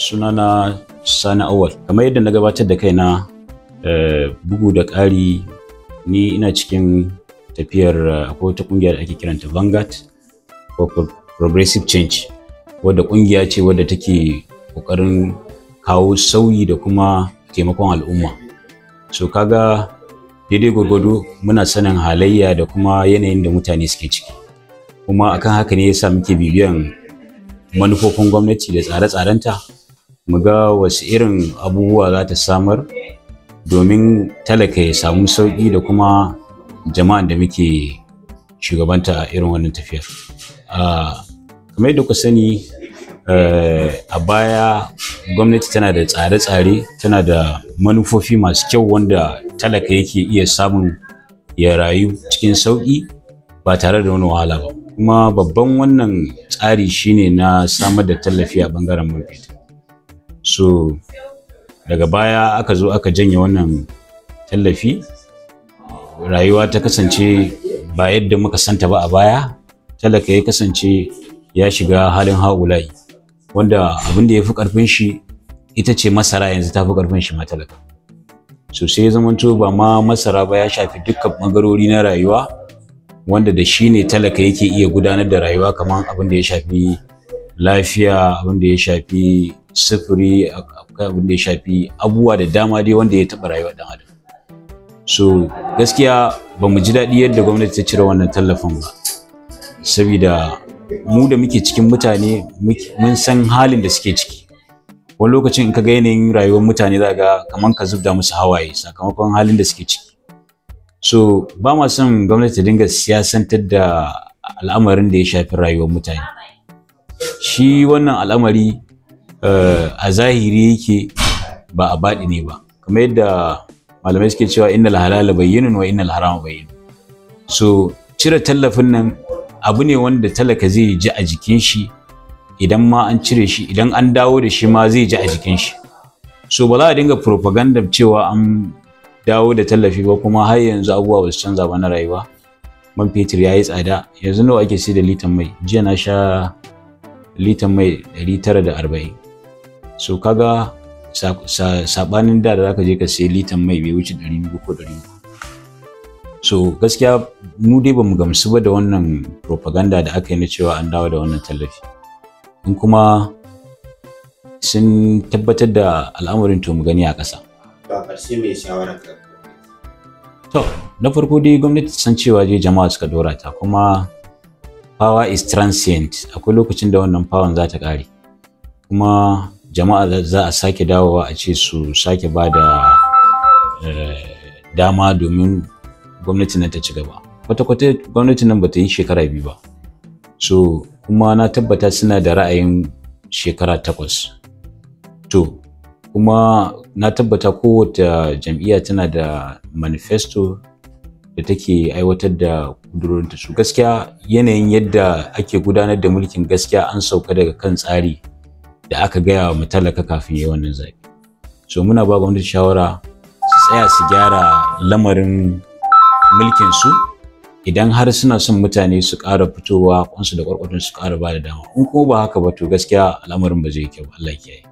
sunana sani awal kamar yadda na gabatar da kaina eh, bugu da ƙari ni ina cikin tafiyar eh, akwai wata kungiya da ake kiranta vanguard for progressive change wadda kungiya ce wadda take kokarin kawo sauyi da kuma taimakon al'umma so kaga daidai gwargwado muna sanin halayya da kuma yanayin da mutane suke ciki kuma akan haka ne yasa muke bibiyan manufofin gwamnati da tsare-tsarenta mu ga wasu irin abubuwa za ta samar domin talaka ya samu sauƙi da kuma jama'an da muke shugabanta a irin wannan tafiyar. kamar yadda ku sani eh, a baya gwamnati tana da tsare-tsare tana da manufofi masu kyau wanda talaka yake iya samun ya rayu cikin sauƙi ba tare da wani wahala ba kuma babban wannan tsari shine na samar da tallafi a bangaren man so daga baya aka zo aka janye wannan tallafi rayuwa ta kasance ba yadda muka santa ba a baya talaka ya kasance ya shiga halin ha'ulai wanda abin da ya fi karfin shi ita ce masara yanzu ta fi karfin shi talaka. so sai ya zamanto ba ma masara ba ya shafi dukkan bangarori na rayuwa wanda da shi ne talaka yake iya gudanar da rayuwa kamar abin da ya shafi lafiya abin da ya shafi sufuri akwai abin da ya shafi abubuwa da dama dai wanda ya taɓa rayuwa ɗan adam so gaskiya ba mu ji daɗi yadda gwamnati ta cire wannan tallafin ba saboda mu da muke cikin mutane mun san halin da suke ciki wani lokacin in ka ga yanayin rayuwar mutane za ga kamar ka zubda musu hawaye sakamakon halin da suke ciki so ba ma son gwamnati ta dinga siyasantar da al'amarin da ya shafi rayuwar mutane shi wannan al'amari Eh, a zahiri yake ba a baɗi ne ba kamar yadda malamai suke cewa innal halala bayyinun wa innal harama bayyinun so cire tallafin nan abu ne wanda talaka zai ji a jikin shi idan ma an cire shi idan an dawo da shi ma zai ji a jikin shi so ba za a dinga propaganda cewa an dawo da tallafi ba kuma har yanzu abubuwa ba su canza ba na rayuwa man fetur ya yi tsada yanzu nawa ake sai da litan mai jiya na sha litan mai 940 so kaga sabanin da da zaka je ka sai litan mai bai wuce 200 ko 300 so gaskiya mu dai bamu gamsu ba da wannan propaganda da aka yi na cewa an dawo da wannan tallafi in kuma sun tabbatar da al'amarin to mu gani a ƙasa ba ƙarshe mai shawara ka to na farko dai gwamnati san cewa je jama'a suka dora ta kuma power is transient akwai lokacin da wannan power za ta kare kuma jama'a za a sake dawowa a ce su sake ba da eh, dama domin gwamnati nan ta ci gaba kwata-kwata gwamnati nan bata yi shekara biyu ba so kuma na tabbata suna da ra'ayin shekara takwas to kuma na tabbata kowace jam'iyya tana da manifesto da take aiwatar da kudurorinta su gaskiya yanayin yadda ake gudanar da mulkin gaskiya an sauka daga kan tsari da aka gaya wa talaka kafin ya yi wannan zaɓe so muna ba gwamnati shawara su tsaya su gyara lamarin mulkin su idan har suna son mutane su ƙara fitowa kwansu da kwarkwatun su ƙara ba da dama in kuma ba haka ba to gaskiya lamarin ba zai kyau Allah ya kiyaye